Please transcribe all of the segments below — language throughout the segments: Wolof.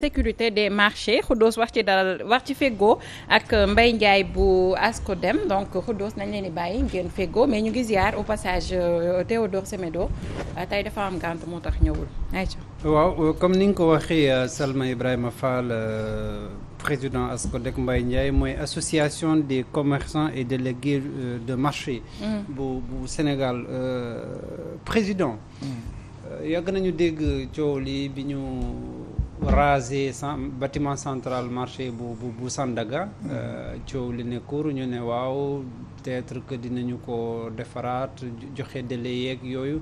sécurité des marché Khoudoss wax ci dalal wax ci feggoo ak euh, mbay Ndiaye bu dem donc Khoudoss nañ leen di bàyyi ngeen feggoo mais ñu ngi ziar au passage euh, Théodore Semedo euh, tey dafa am gànt moo tax ñëwul. waaw comme ni nga ko waxee Salma Ibrahima Fall président Ascodec Mbaye Ndiaye mooy association des commerçants et délégués de marché. Mm. bu bu Sénégal président. Mm. yàgg nañu dégg coow lii bi ñu. raser bâtiment central marché bu bu bu Sandaga mm-hmm. euh, coow li ne kuur ñu ne waaw peut-être que dinañu ko defaraat joxe délai yeeg yooyu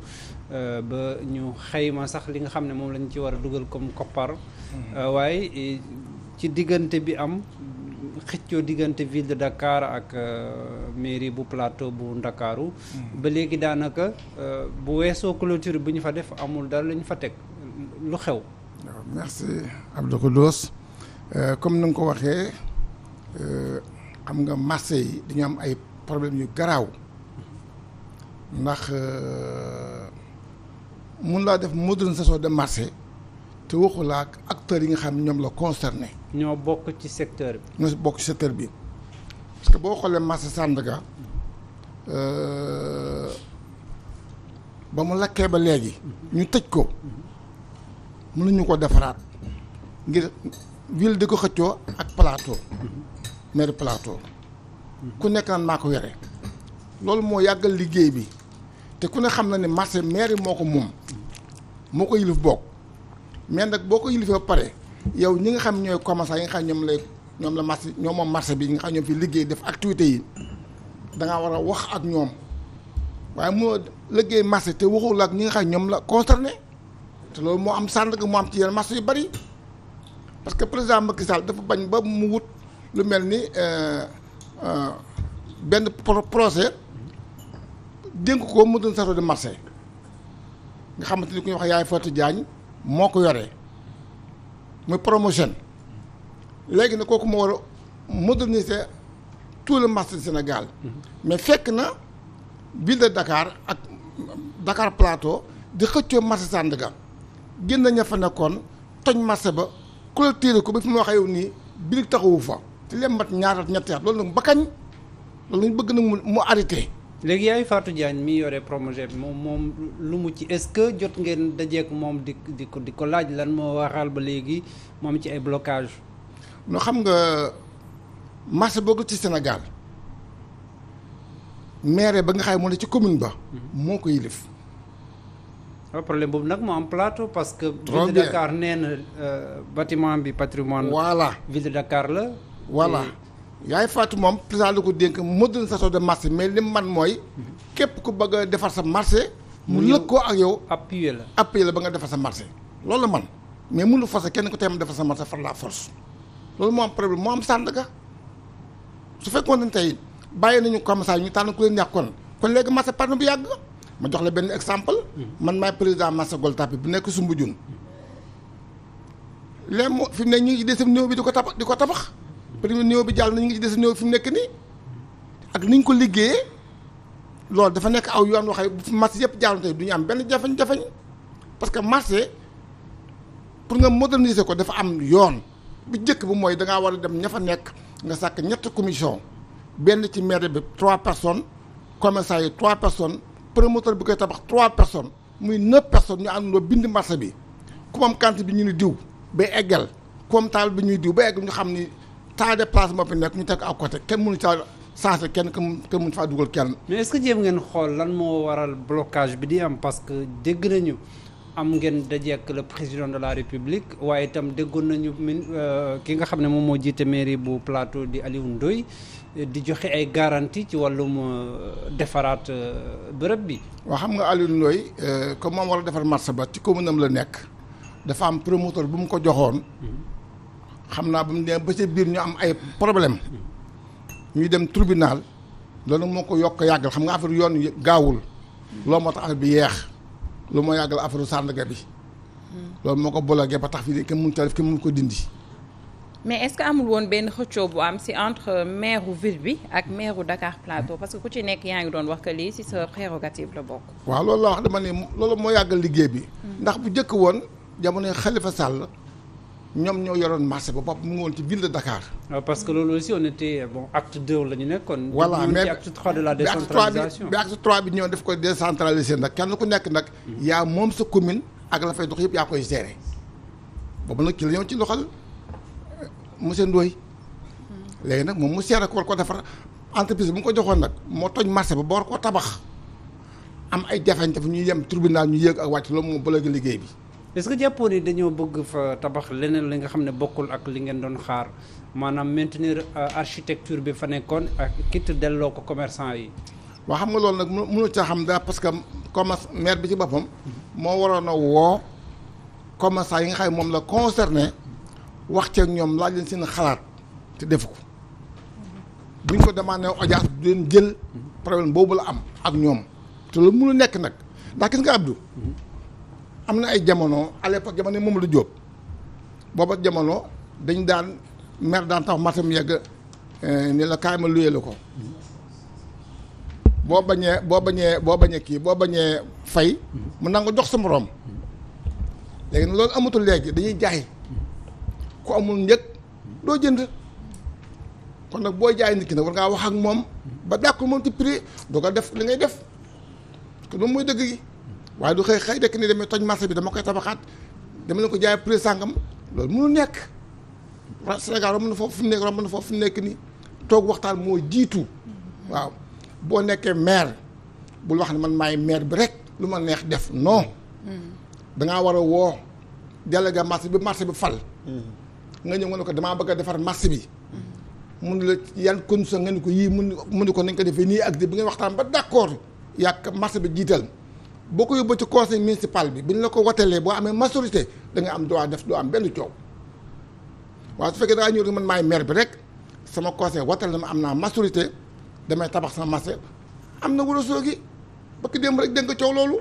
euh, ba ñu xayma sax li nga xam ne moom lañ ci war a dugal comme koppar mm-hmm. euh, waaye ci diggante bi am xëccoo diggante ville de Dakar ak mairie bu plateau bu Ndakaaru mm-hmm. ba léegi daanaka bu weesoo clôture bi ñu fa def amul dara la ñu fa teg lu xew merci Abdou Khoudoss euh, comme ni nga ko waxee euh, xam nga marché yi dañu am ay problème yu garaaw ndax euh, mun laa def modernisation de marché te waxulaa ak acteurs yi nga xam ñoom la concerné. ñoo bokk ci secteur bi. ñoo bokk ci secteur bi parce que boo xoolee marché Sandaga ba mu lakkee ba léegi. ñu tëj ko. mun nañu ko defaraat ngir ville di ko xëccoo ak plateau maire plateau ku nekk naan maa ko yore loolu moo yàggal liggéey bi te ku ne xam na ne marché maire yi moo ko moom moo ko yilif bokk mais nag boo ko yilifee ba pare yow ñi nga xam ñooy commerçant yi nga xam ñoom lay ñoom la marché ñoo moom marché bi ñi nga xam ñoom fi liggéey def activité yi dangaa war a wax ak ñoom waaye moo liggéey marché te waxul ak ñi nga xam ñoom la concerné te loolu moo am Sandaga moo am ci yenn marché yu bari parce que président Macky Sall dafa bañ ba mu wut lu mel ni euh, euh, benn procès dénk ko mu sa saroo di marché nga xamante ni ku ñuy wax yaay Fatou Diagne moo ko yore muy promotion léegi nag kooku moo war a moderniser tout le marché du Sénégal mm-hmm. mais fekk na ville de Dakar ak Dakar Plateau di xëccoo marché Sandaga génn ña fa nekkoon toñ marché ba clôturé ko ba fi ma waxee wu nii birig taxawu fa te leen mat ñaar at ñetti at loolu nag ba kañ loolu bëgg nag mu mu arrêté. léegi yaay Fatou Diagne mi yore projet bi moom moom lu mu ci est-ce que jot ngeen dajeek moom di di ko di ko laaj lan moo waral ba léegi moom ci ay blocage noo xam nga marché boo ci Sénégal maire ba nga xam ne moo ne ci commune ba. Mhm. moo ko yilif waaw boobu nag moo am plateau parce que. ville de Dakar nee na euh, bâtiment bi patrimoine voilà ville de Dakar la. voilà yaay fàttu moom président la ko dénk modernisation de marché mais li man mooy. képp ku bëgg defar sa marché. mu lëkkoo ak yow. appuyer la appuyer la ba nga defar sa marché. loolu la man mais mënu forcer kenn ku tey mu defar sa marché far la force loolu moo am problème moo am su fekkoon ne tey bàyyi nañu comme ça ñu tànn ku leen yàqoon kon léegi marché partenaire bu yàgg. ma jox la benn exemple. man maay président Massagol bi bu nekk Soumbédioune. léegi moo fi mu ne ñu ngi ci desam néew bi di ko tabax di ko tabax. premier néew bi jàll na ñu ngi ci desam néew bi fi nekk nii. ak ni ñu ko liggéeyee loolu dafa nekk aw yoon waxee bu fi marché yëpp jàll tey du ñu am benn jafe-jafe parce que marché pour nga moderniser ko dafa am yoon. bu njëkk bi mooy da ngaa war a dem ña fa nekk nga sàkk ñetti commission benn ci maire bi trois personnes commerçant trois personnes. promoteur bi koy tabax trois personnes muy neuf personnes ñu àndandoo bind marché bi ku moom bi ñu ni diw ba eggal ku taal bi ñuy diw ba eggal ñu xam ni tas de place moo fi nekk ñu teg à côté kenn mënu caa changé kenn kenn mënu faa dugal kenn. mais est-ce que jéem ngeen xool lan moo waral blocage bi di am parce que dégg nañu. am ngeen dajeek la président de la république waaye itam déggoon nañu min euh, ki nga xam ne moom moo jiite mairie bu plateau di Aliou doy di joxe ay garantie ci wàllum euh, defaraat euh, bërëb bi. waa xam nga Aliou Ndoye comme moom war a defar marché ba ci commune am la nekk dafa am promoteur bu mu ko joxoon mm-hmm. xam naa ba mu ne ba ca biir ñu am ay problème mm-hmm. ñuy dem tribunal loolu moo ko yokk yàggal xam nga affaire yoon gaawul. loo moo tax affaire bi yeex. lu moo yàggal la affaire Sandaga bi. loolu moo ko bloqué ba tax fi kenn mënu ko def kenn mënu ko dindi. mais est-ce que amul woon benn xëccoo bu am ci entre maire ville bi ak maire Dakar Plateau parce que ku ci nekk yaa ngi doon wax que lii ci sa prérogative la bokk. waaw loolu la wax dama ne loolu moo yàggal liggéey bi. Mm. ndax bu njëkk woon jamonoy Khalifa Sall. ñoom ñoo yoroon marché ba bopp mu ngi woon ci ville dakaar Dakar. Ah, parce que loolu aussi on était bon acte ñu nekkoon. voilà mais acte trois la décentralisation bi acte trois bi ñëw def ko décentralisé nag kenn ku nekk nag. Hmm. yaa moom sa commune ak la fay dox yëpp yaa koy gérer boobu nag ci la ñëw ci loxal euh, monsieur Ndoye. Hmm. léegi nag moom mu seere ko war ko defar entreprise bu mu ko joxoon nag moo toj marché bi ba war koo tabax am ay jafe-jafe ñuy yem tribunal ñu yéeg ak wàcc loolu moom bële liggéey bi. est-ce que jàppoon yi dañoo bëgg fa tabax leneen li nga xam ne bokkul ak li ngeen doon xaar maanaam maintenir euh, architecture bi fa nekkoon ak kit delloo ko commerçant yi. waa xam nga loolu nag mënu caa xam daa parce que commerce maire bi ci boppam. moo waroon a woo commerçant yi nga xam ne moom la concerné wax ceeg ñoom laaj leen seen xalaat te defu ko buñ ko demandé audience du leen jël mm-hmm. problème boobu la am ak ñoom te lu mënu nekk nag ndax gis nga Abdou. Mm-hmm. am na ay jamono à l'époque jamono moom lu jóob booba jamono dañ daan mer daan tax matam yegg eh, ni la kaay ma luyee la ko boo bañee boo bañee boo bañee kii boo bañee fay mu nangu jox sa moroom léegi loolu amatul léegi dañuy jaay ku amul njëg doo jënd kon nag boo jaay nit ki nag war ngaa wax ak moom ba dàkku moom ci du ko def li ngay def kon moom mooy dëgg gi waaye du xëy xëy dekk ni demee toj marché bi dama koy tabaxaat dama leen ko jaay prix sàngam loolu mënu nekk Sénégal romb na foofu fi mu nekk romb na foofu fi mu nekk nii toog waxtaan moo jiitu waaw boo nekkee maire bul wax ne man maay meer bi rek lu ma neex def non mm. dangaa war a woo délégué marché bi marché bi fal mm. nga ñëw nga ne ko damaa bëgg a defar marché bi mm. mun la yan condition nga ne ko yii mun mun ko nañ ko defee nii ak di bi ngeen waxtaan ba d'accord yàq marché bi jiital boo ko yóbboo ci conseil municipal bi bu ñu la ko wotelee boo amee majorité da nga am droit def doo am benn coow waaye su fekkee da ngaa ñëw man maay maire bi rek sama conseil wotel na ma am naa majorité damay tabax sama marché am na Ouro Sogui ba ki démb rek dégg nga coow loolu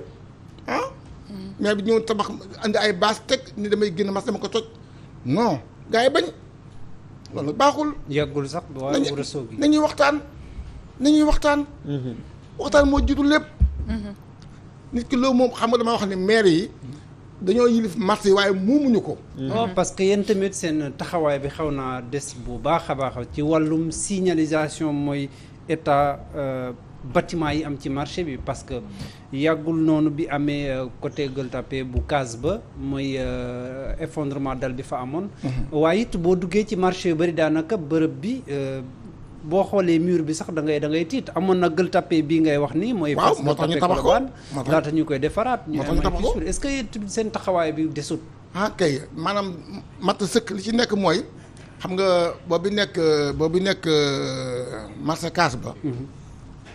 ah. Mm. maire bi ñëw tabax andi ay bâche teg ni damay génn marché dama ko toj non gars yi bañ loolu baaxul. yàggul sax waaw Ouro Sogui nañuy waxtaan nañuy waxtaan. Mm-hmm. waxtaan moo jiitu lépp. Mm-hmm. nit ki loolu moom xam nga dama wax ne maire yi dañoo yilif marché yi waaye moomuñu ko. waaw mm-hmm. oh, parce que yéen tamit seen taxawaay bi xaw naa des bu baax a baax ci wàllum signalisation mooy état. Euh, bâtiment yi am ci marché bi parce que yàggul noonu bi amee euh, côté Gueule Tapée bu Case ba mooy euh, effondrement dal bi fa amoon. Mm-hmm. waaye it boo duggee ci marché yu bari daanaka bërëb bi. boo xoolee mur bi sax dangay dangay tiit amoon na gël tapé bii ngay wax nii mooy waaw moo tax ñu tabax ko laata ñu koy defaraat moo tabax est-ce que taxawaay bi desut ah kay maanaam matt sëkk li ci nekk mooy xam nga boo bi nekk boo bi nekk euh, marché kaas ba mhm.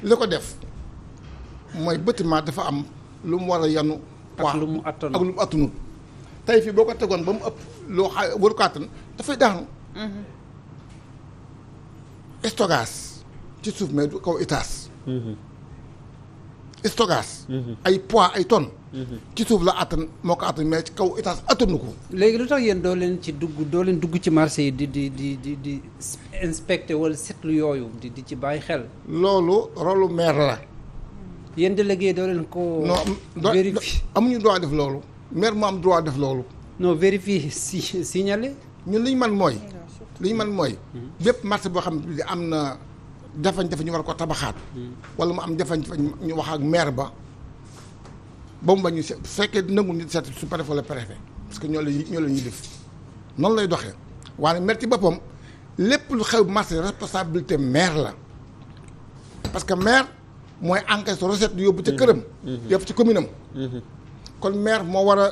li ko def mooy bâtiment dafa am lu mu war a yanu ak lu mu attanu ak lu mu attanu tey fii boo ko tegoon ba mu ëpp loo xa waru ko attan dafay daanu mhm. stockage ci suuf mais du kaw étage. Mm-hmm. stockage. Mm-hmm. ay poids ay tonnes. Mm-hmm. ci suuf la attan moo ko attan mais ci kaw étage attanu ko. léegi lu tax yéen doo leen ci dugg doo leen dugg ci marché yi di di di di di inspecté wala seetlu yooyu di di ci bàyyi xel. loolu rolu maire la. yéen délégué doo leen ko. vérifié non amuñu droit def loolu. maire mu am droit def loolu. non vérifié si signalé. ñun li man mooy. li ñu mën mooy. lépp marché boo xam ne am na jafe-jafe ñu war ko tabaxaat. wala mu am jafe-jafe ñu wax ak maire ba. ba mu bañ ñu se bu fekkee nangu ñu set su préfet wala préfet parce que ñoo la ñoo la ñuy def noonu lay doxee waaye maire ci boppam lépp lu xew marché responsabilité maire la parce que maire mooy encaisse recette yóbbu ca këram. yóbbu ci commune mhm. kon maire moo war a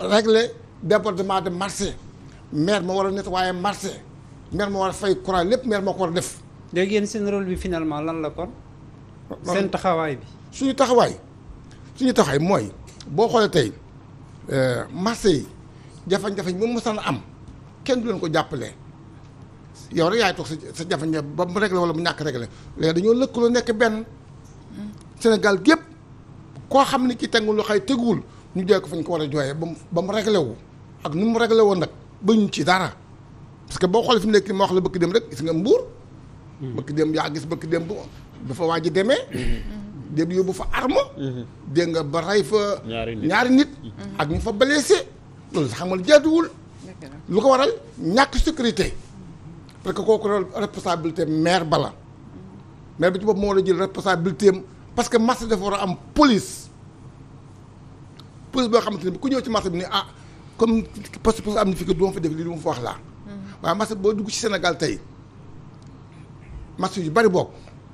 régler débordement de marché. maire ma war a nettoyer marché meer moo war a fay courant lépp maire moo ko war a def. léegi yéen seen rôle bi finalement lan la kon. seen taxawaay bi. suñu taxawaay suñu taxawaay mooy boo xoolee tey euh, marché yi jafe-jafe yi moom mosaan am kenn du leen ko jàppale yow rek yaay toog sa sa jafe-jafe ba mu réglé wala mu ñàkk réglé léegi dañoo lëkkaloo nekk benn Sénégal gépp koo xam ni kii tegu lu xay teguwul ñu jooy ko fa ñu ko war a jooyee ba mu ba mu réglé wu ak nu mu réglé woon nag. bañ ci dara parce que boo xoolee fi mu nekk ma wax la bëkk dem rek gis nga mbuur bëkk dem yaa gis bëkk dem bu dafa waa ji demee dem yóbbu fa arme dégg nga ba rey fa ñaari nit ak ñu fa blessé loolu sax xamal jaaduwul lu ko waral ñàkk sécurité parce que kooku responsabilité maire bala maire bi ci moo la jël responsabilité am parce que marché dafa war a am police police boo xamante ne bi ku ñëw ci marché bi ni ah comme poste poste am na fi que du ma fa def lii du ma fa wax laa. Mm-hmm. waaye marché boo dugg ci Sénégal tey marché yu bari bokk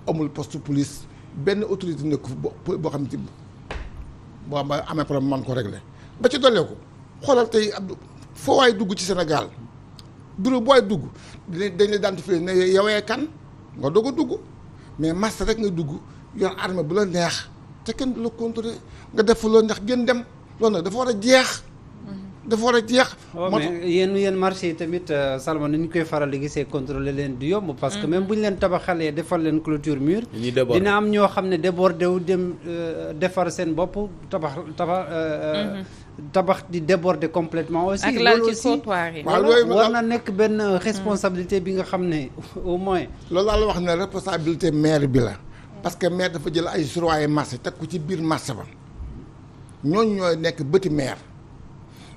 amul post police benn autorité nekk boo boo xam ne boo amee problème man ko réglé. ba ci dolleeku xoolal tey Abdou foo dugg ci Sénégal bureau boo waay dugg dañ la identifié ne kan nga doog dugg mais marché rek nga dugg yor arme bu la neex te kenn du la contrôler nga def loo ndax gën dem loolu nag dafa war a jeex. dafa war a jeex. Oh, moo tax yéen yéen marché yi tamit euh, Salma ni ñu koy faral di gisee contrôler leen du yomb. parce que mm-hmm. même bu ñu leen tabaxalee defal leen clôture mur. dina am ñoo xam ne débordé wu dem euh, defar seen bopp tabax tabax. Euh, mm-hmm. tabax di déborder complètement aussi ak lal ci trottoir yi war na nekk benn mm-hmm. responsabilité bi nga xam ne au moins. loolu daal wax ne responsabilité maire bi la. parce que maire dafa jël ay surwaaye marché teg ku ci biir marché ba ñooñu ñooy nekk bëti maire.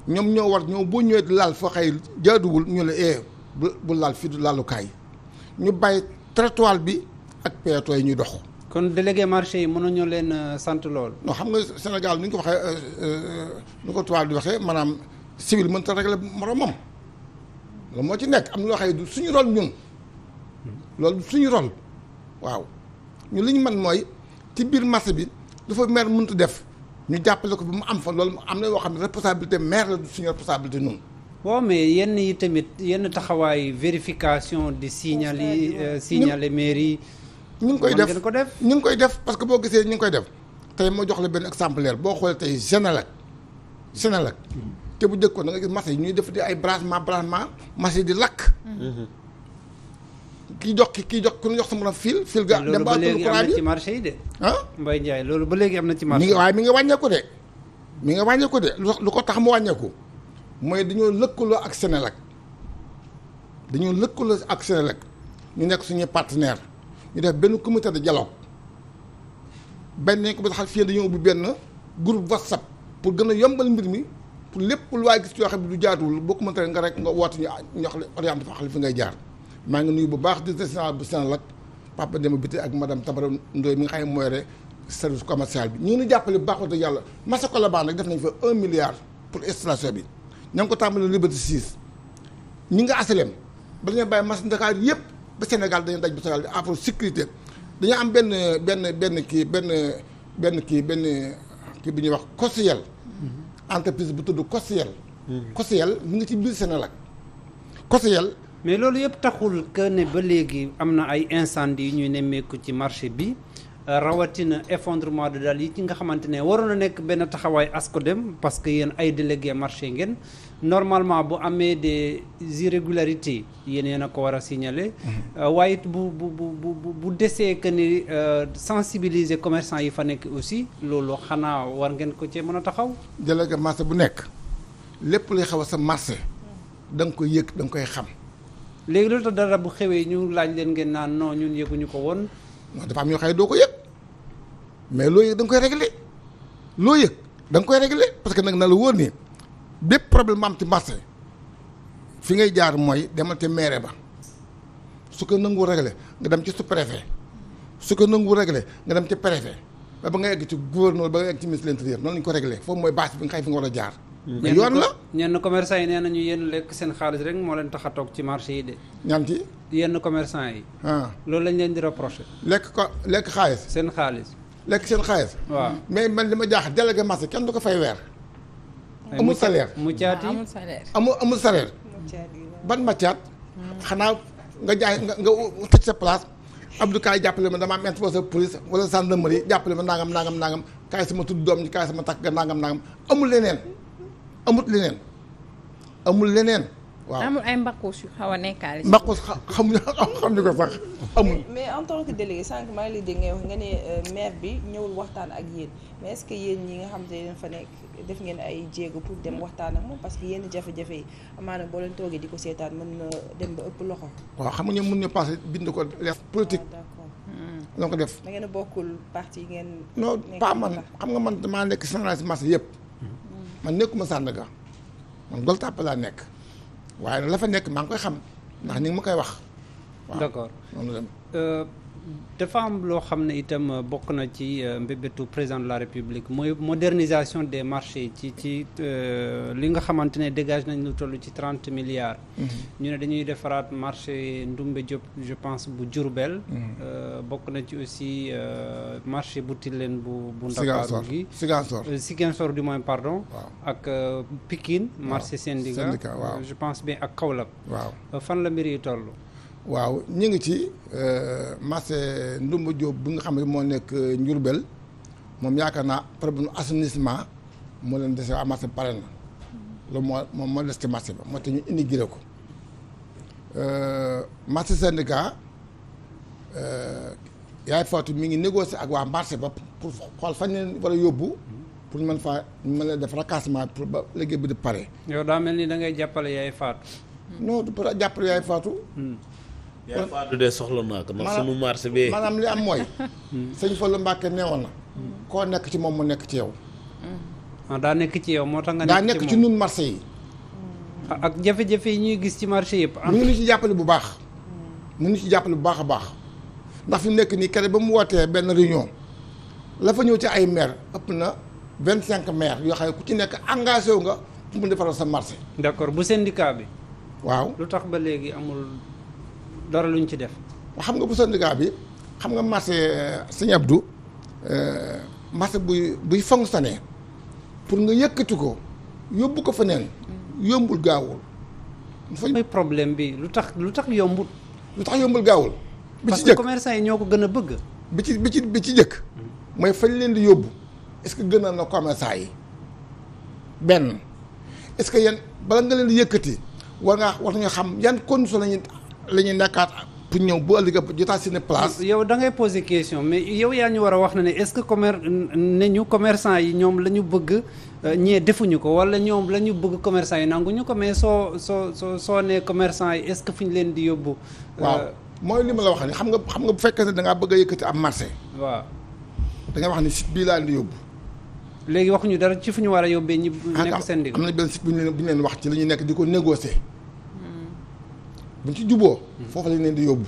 ñoom ñoo war ñoom boo ñëwee laal fa xëy jaaduwul ñu la ee eh, bu bu laal fii du laalukaay ñu bàyyi trottoir bi ak peetooy ñu dox. kon délégué marché yi mënuñu leen euh, sant lool. non xam nga Sénégal ni ñu ko waxee euh, euh, ni ko tubaab di waxee maanaam civil mënta régler moromam loolu moo ci nekk am na loo xam suñu rol ñun loolu suñu rol waaw ñu li ñu man mooy ci biir marché bi dafa maire mënta def. ñu jàppale ko ba mu am fa loolu am na yoo xam ne responsabilité maire la du suñu responsabilité noonu. waaw mais yenn yi tamit yenn taxawaay vérification di signali euh, signale maire yi. ñu ngi koy def ñu ngi koy def parce que boo gisee ñu ngi koy def. tey moo jox la benn exemplaire boo xoolee tey Sénélec Sénélec mm. te bu njëkkoon da nga gis marché ñuy def di ay branchement branchement marché di lakk. Mm-hmm. ki jox ki ki jox ku ñu jox sa mën a fil fil ga dem ba atul courant bi loolu léegi am na ci marché yi de. ah Mbaye loolu ba léegi am na ci marché. mi ngi waaye mi nga wàññeeku de mi nga wàññeeku de lu ko tax ma wàññeeku mooy dañoo lëkkaloo ak Senelec dañoo lëkkaloo ak Senelec ñu nekk suñuy partenaire ñu def benn comité de dialogue benn ko ba tax fii dañoo ubbi benn groupe whatsapp pour gën a yombal mbir mi pour lépp lu waay gis yoo xam ne du jaatuwul boo ko mënta nga rek nga woote ñu ñox orienté fa xale fi ngay jaar maa ngi nuyu bu baax directeur général bu Senelec papa Demba Bitèye ak madame Tabara Ndoye mi nga xam ne mooy service commercial bi ñu ngi jàppale bu baax wax yàlla Masako la baax nag def nañ fa un milliard pour installation bi ña ngi ko tàmbali Liberté 6 ñi nga asalem ba dañoo bàyyi marché Dakar yëpp ba Sénégal dañu daj ba Sénégal bi afro sécurité dañoo am benn benn benn kii benn benn kii benn kii bi ñuy wax COSYEL mhm. entreprise bu tudd COSYEL COSYEL mhm. mu ngi ci biir Senelec COSYEL mais loolu yëpp taxul que ne ba léegi am na ay incendie yu ñuy nemmeeku ci marché bi euh, rawatina effondrement de dalle yi ci nga xamante ne waroon a nekk benn taxawaay ASCODEM parce que yéen ay délégué marché ngeen normalement bu amee des irrégularités yéen yéen a ko war a signaler. Mm-hmm. Euh, waaye bu bu bu bu desee que ni euh, sensibiliser commerçant yi fa nekk aussi loolu xanaa war ngeen ko cee mën a taxaw. délégué marché bu nekk lépp luy xaw a sa marché da ko koy yëg da nga koy xam. léegi loolu tax dara bu xewee ñu laaj leen ngeen naan non ñun yëguñu ko woon. non dafa am ñoo xam doo ko yëg mais loo yëg da koy réglé loo yëg da koy réglé parce que nag na la wóor ni bépp problème am ci marché fi ngay jaar mooy demal te maire ba su ko nangu réglé nga dem ci sous préfet ba ba nga egg ci gouverneur ba nga egg ci ministre de l'intérieur noonu lañu ko réglé foofu mooy base bi nga xay fi nga war a jaar. yoon la ñenn commerçant yi nee ñu yéen lekk seen xaalis rek moo leen tax a toog ci marché yi de. ñan ci. yenn commerçant yi. Ah. loolu lañ leen di reproché. lekk ko lekk xaalis. seen xaalis. lekk seen xaalis. waaw mais man li ma jaax délégué marché kenn du ko fay weer. amul salaire mu caati amul amul amul salaire. ban ma caat. xanaa nga jaay nga nga tëj sa place. Abdou kaay jàppale ma damaa am sa police wala gendarmerie jàppale ma nangam nangam nangam kaay sama tudd doom ji kaay sama takk ga nangam nangam amul leneen. amut leneen amul leneen. waaw amul ay mbakkuus yu xaw a nekkaale. mbakkuus xamuñu xamuñu ko sax amul. mais en tant que délégué sànq ngi lay dégg ngay wax nga ne euh, bi ñëwul waxtaan ak yéen mais est-ce que yéen ñi nga xam te ne fa nekk def ngeen ay jéego pour dem waxtaan ak moom parce que yenn jafe-jafe yi leen toogee di ko seetaan mën na dem ba loxo. waaw xam nga mun ne passé bind ko def politique. Ah, def. da ngeen a bokkul parti yi ngeen. non pas man xam nga man damaa nekk changement yëpp. man nekkuma Sandaga man Gueule Tapée laa nekk waaye la fa nekk maa ngi koy xam ndax ni ma koy wax waaw d'accord euh, dafa am loo xam ne itam euh, bokk na ci euh, mbébétu président de la république mooy modernisation des marché ci ci li nga xamante ne dégage nañ lu toll ci trente milliards. Mhm. ñu ne dañuy defaraat marché Ndumbe Diop je pense bu Diourbel. Mhm. bokk na ci aussi marché bu leen bu bu Ndakaaru gi Ziguinchor Ziguinchor du moins pardon. ak Pikine marché syndicat je pense bien ak Kaolack. waaw fan la mbir yi toll. waaw ñu ngi ci euh, marché Ndumba Diop bu nga xam ne moo nekk euh, Njurbel moom yaakaar naa problème assainissement moo leen dese waa marché pare na loolu moo moom moo des ci marché ba moo tax ñu indi gire ko euh, marché syndicat yaay Fatou mi ngi négocier ak waa marché ba pour xool fan leen war a yóbbu pour mën faa mën leen def racassement pour ba liggéey bi di pare. yow daa mel ni da jàppale yaay Fatou. non du pour jàppale yaay Fatou. Hmm. yaa faatu de soxla naa ko ndax sunu marché bi maanaam li am mooy hmm. sëñ Fallou Mbacke neewoon na koo nekk ci moom mu nekk ci yow hmm. ah, daa nekk ci yow moo tax nga daa nekk ci nun marché yi hmm. ak jafe-jafe yi ñuy gis ci marché yëpp am ngi ñu ci jàppale bu baax mu ngi ci jàppale bu baax a baax ndax fi nekk nii kere ba mu wootee benn réunion la fa ñëw ci ay maire ëpp na vingt cinq maire yoo xam ne ku ci nekk engagé wu nga mu defaral sa marché d'accord bu seen syndicat bi waaw lu tax ba léegi amul lu luñ ci def. xam nga bu syndicat bi xam nga marché euh, Sëñ Abdou euh, marché buy buy fonctionner pour nga yëkkati ko yóbbu ko feneen yombul gaawul. mooy problème bi lu tax lu tax yombul. tax yombul gaawul. ci jëkk parce que commerçant yi ñoo ko gën a bëgg. bi ci bi ci bi ci jëkk. mooy fañ leen di yóbbu est-ce que gënal na commerçant yi benn est-ce que yan bala nga leen di yëkkati war ngaa war nga xam yan condition lañuy la ñuy nekkaat pour ñëw bu ëllëgee jotaat seen place. yow da ngay poser question mais yow yaa ñu war a wax ne est-ce que commer ne ñu commerçant yi ñoom la ñu bëgg euh, ñee defuñu ko wala ñoom la ñu bëgg commerçant yi nangu ñu ko mais soo soo soo soo nee commerçant yi est-ce que fi ñu leen di yóbbu. Euh, waaw mooy li ma la wax ne xam nga xam nga bu fekkee ne da ngaa bëgg a yëkkati am marché. waaw da wax ne site bii laa leen di yóbbu. léegi waxuñu dara ci fu ñu war a yóbbee ah, leen wax ci la ñuy nekk di ko négocier. buñ ci juboo foofu lañ neen di yóbbu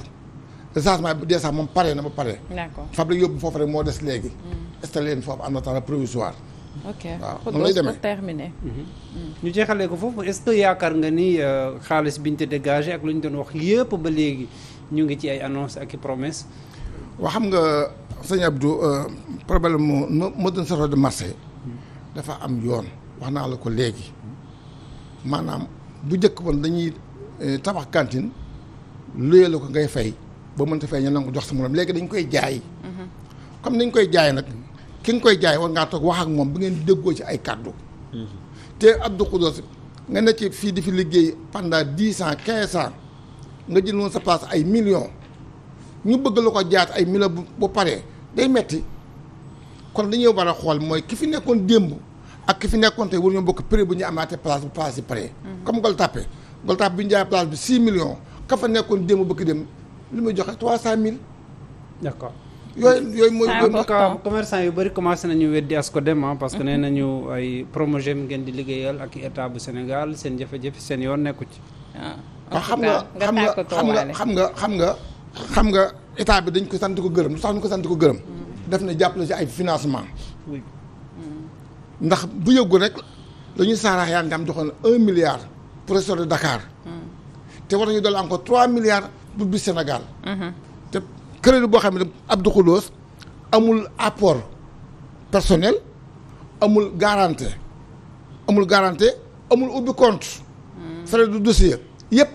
recensement bi dèjà moom pare na ba pare. d'accord fab la yóbbu foofu rek moo des léegi. installé mm. leen foofu en attendant provisoire. ok waaw lay demee terminé. Mm-hmm. ñu jeexalee ko foofu est-ce que yaakaar nga ni euh, xaalis biñ te dégagé ak lu ñu doon wax yëpp ba léegi ñu ngi ci ay annonce ak i promesse waa xam nga sëñ Abdou euh, problème mu modernisation de marché mm-hmm. dafa am yoon wax naa la ko léegi maanaam bu njëkk woon dañuy Eh, tabax cantine luyee la ko ngay fay ba mënta fay ñu nangu jox sa morom léegi dañ koy jaay. Mm-hmm. comme dañ koy jaay nag ki nga koy jaay war ngaa toog wax ak moom bu ngeen déggoo ci ay kàddu. Mm-hmm. te Abdou Khoudoss nga ne ci fii di fi liggéey pendant dix ans quinze ans nga jël woon sa place ay million ñu bëgg la ko jaat ay millions bu pare day metti kon dañuy war a xool mooy ki fi nekkoon démb ak ki fi nekkoon tey war ñu bokk prix bu ñu amaatee place bu place wala tax bi ñu jaay place bi 6 millions ka fa nekkoon démb bëgg dem li muy joxe 300000. d' accord yooyu yooyu mooy. important commerçant yu bëri commencé nañu weddi ASCODEM ah, parce que nee nañu ay promogem ngeen di liggéeyal ak état bu Sénégal seen jafe-jafe seen yoon nekku ci. Ah. waaw xam nga xam nga xam nga xam nga xam nga xam nga état bi dañ ko santi ko gërëm lu tax ñu ko sant ko gërëm. Mm. def na jàppale ci ay financement ndax bu yëggu rek dañuy saaraax yaa ngi am joxoon un milliard. professeur de Dakar. te war nañu dolli encore 3 milliards pour bi Sénégal. te crédit boo xam ne Abdou Khoudoss amul apport personnel amul garantie amul garantie amul ubbi compte. frais de dossier yëpp.